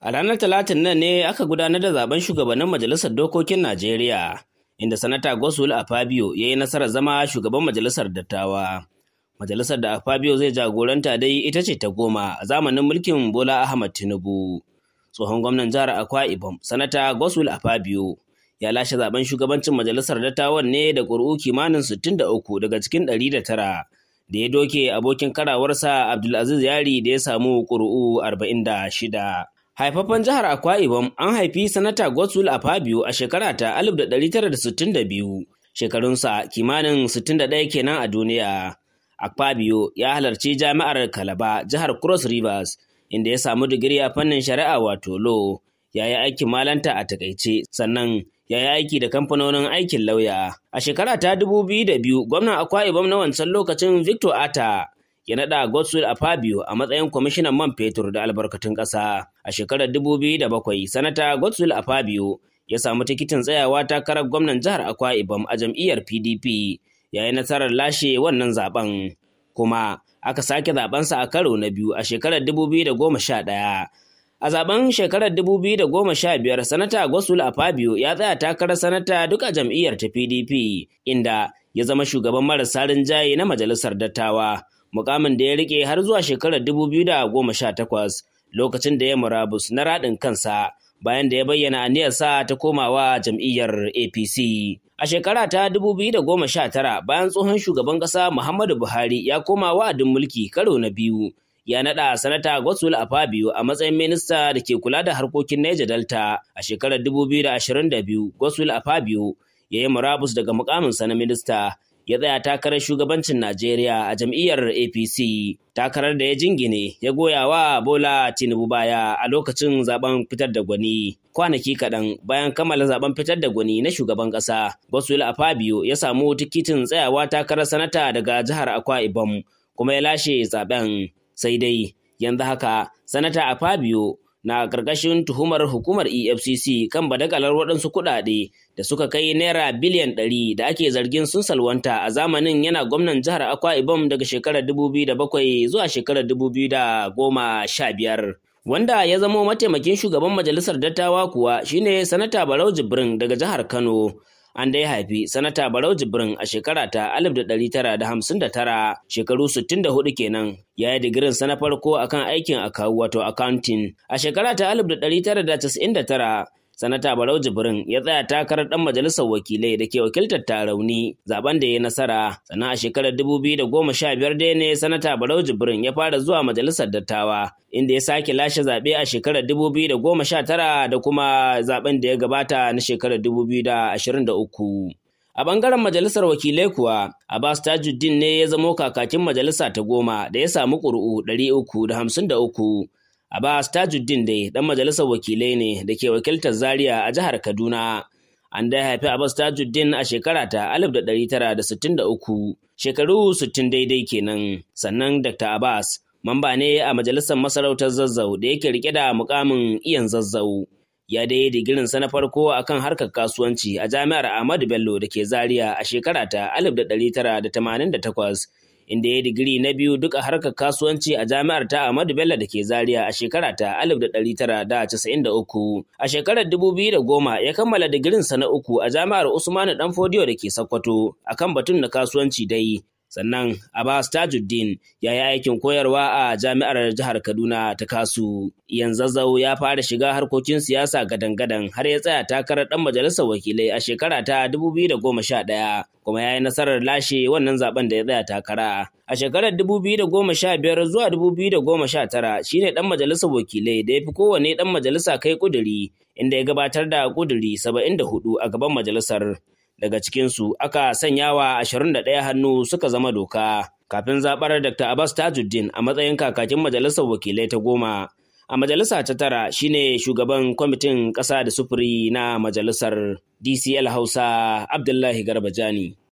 A ranar Talatin nan ne aka gudanar da zaben shugabannin Majalisar Dokokin Najeriya, inda Sanata Gosul Afabio ya yi nasarar zama shugaban Majalisar Dattawa. Majalisar da Afabio zai jagoranta dai ita ce ta goma a zamanin mulkin Bola Ahmad Tinubu. Tsohon gwamnan jihar Akwa Ibom, Sanata Gosul Afabio ya lashe zaben shugabancin Majalisar Dattawan ne da ƙuri'u kimanin sittin da uku daga cikin ɗari Da tara da ya doke abokin karawarsa Abdulaziz Yari da ya samu ƙuri'u shida. Haifaffen jihar Akwa Ibom an haifi Sanata Godswill Afabio a shekara ta 1962, shekarunsa kimanin 61 kenan a duniya. Akpabio ya halarci jami'ar Kalaba, jihar Cross Rivers, inda ya samu digiri a fannin shari'a wato lo ya yi aikin malanta a takaice, sannan ya yi aiki da kamfanonin aikin lauya. A shekara ta 2002, gwamnan Akwa Ibom na wancan lokacin Victor Ata ya naɗa Godswill a Fabio a matsayin kwamishinan man fetur da albarkatun ƙasa. A shekarar 2007, Sanata Godswill a Fabio ya samu tikitin tsayawa takarar gwamnan jihar Akwa Ibom a jam'iyyar PDP yayin nasarar lashe wannan zaben. Kuma aka sake zabensa a karo na biyu a shekarar 2011. A zaben shekarar 2015, Sanata Gosul Afabio ya tsaya takarar sanata duk a jam'iyyar ta PDP, inda ya zama shugaban marasa rinjaye na majalisar dattawa. mukamin da ya rike har zuwa shekarar 2018 lokacin da ya murabus na raɗin kansa bayan da ya bayyana aniyarsa ta komawa jam'iyyar APC. A shekara ta 2019 bayan tsohon shugaban ƙasa Muhammadu Buhari ya koma wa'adin mulki karo na biyu ya naɗa sanata Gosul Afabio a matsayin minista da ke kula da harkokin Niger Delta a shekarar 2022 Gosul Afabio ya yi murabus daga mukaminsa na minista ya tsaya takarar shugabancin Najeriya a jam'iyyar APC. Takarar da ya jingine ya goya wa Bola Tinubu baya a lokacin zaben fitar da gwani. Kwanaki kaɗan bayan kammala zaben fitar da gwani na shugaban ƙasa, Boswell Afabio ya samu tikitin tsayawa takarar sanata daga jihar Akwa Ibom kuma ya lashe zaben. Sai dai yanzu haka sanata Afabio na ƙarƙashin tuhumar hukumar EFCC kan badakalar waɗansu kuɗaɗe da suka kai naira biliyan ɗari da ake zargin sun salwanta a zamanin yana gwamnan jihar Akwa Ibom daga shekarar 2007 zuwa shekarar 2015. Wanda ya zamo mataimakin shugaban majalisar dattawa kuwa shine Sanata Barau Jibrin daga jihar Kano. an dai haifi sanata barau jibrin a shekara ta 1959 shekaru 64 kenan ya yi digirin sa na farko akan aikin akawu wato accounting a shekara ta 1999 sanata barau jibrin ya tsaya takarar ɗan majalisar wakilai da ke wakiltar tarauni zaben da ya nasara sannan a shekarar 2015 dai ne sanata barau jibrin ya fara zuwa majalisar dattawa inda ya sake lashe zaɓe a shekarar 2019 da kuma zaben da ya gabata na shekarar da uku. A ɓangaren majalisar wakilai kuwa, Abbas Tajuddin ne ya zamo kakakin majalisa ta goma da ya samu ƙuri'u uku. Abbas Tajuddin dai dan majalisar wakilai ne da ke wakiltar Zaria a jihar Kaduna. An dai haifi Abbas Tajuddin a shekara ta 1963, shekaru 60 daidai kenan. Sannan Dr. Abbas mamba ne a majalisar masarautar Zazzau da yake rike da mukamin iyan Zazzau. Ya dai digirin sa na farko a kan harkar kasuwanci a Jami'ar Ahmadu Bello da ke Zariya a shekara ta 1988. inda ya digiri na biyu duk a harkar kasuwanci a jami'ar ta Ahmadu Bello da ke Zaria a shekara ta 1993. A shekarar 2010 ya kammala digirinsa na uku a jami'ar Usmanu Danfodiyo da ke Sokoto akan batun na kasuwanci dai sannan Abbas Tajuddin ya yi aikin koyarwa a jami'ar jihar Kaduna ta Kasu. zazzau ya fara shiga harkokin siyasa gadan-gadan har ya tsaya takarar ɗan majalisar wakilai a shekara ta 2011 kuma ya yi nasarar lashe wannan zaben da ya tsaya takara. A shekarar 2015 zuwa 2019 shine ɗan majalisar wakilai da ya fi kowane ɗan majalisa kai ƙuduri inda ya gabatar da ƙuduri 74 a gaban majalisar. daga cikinsu aka sanyawa ɗaya hannu suka zama doka kafin zaɓar dr abbas tajuddin a matsayin kakakin majalisar wakilai ta goma a majalisa ta tara shine shugaban kwamitin ƙasa da sufuri na majalisar dcl hausa abdullahi garbajani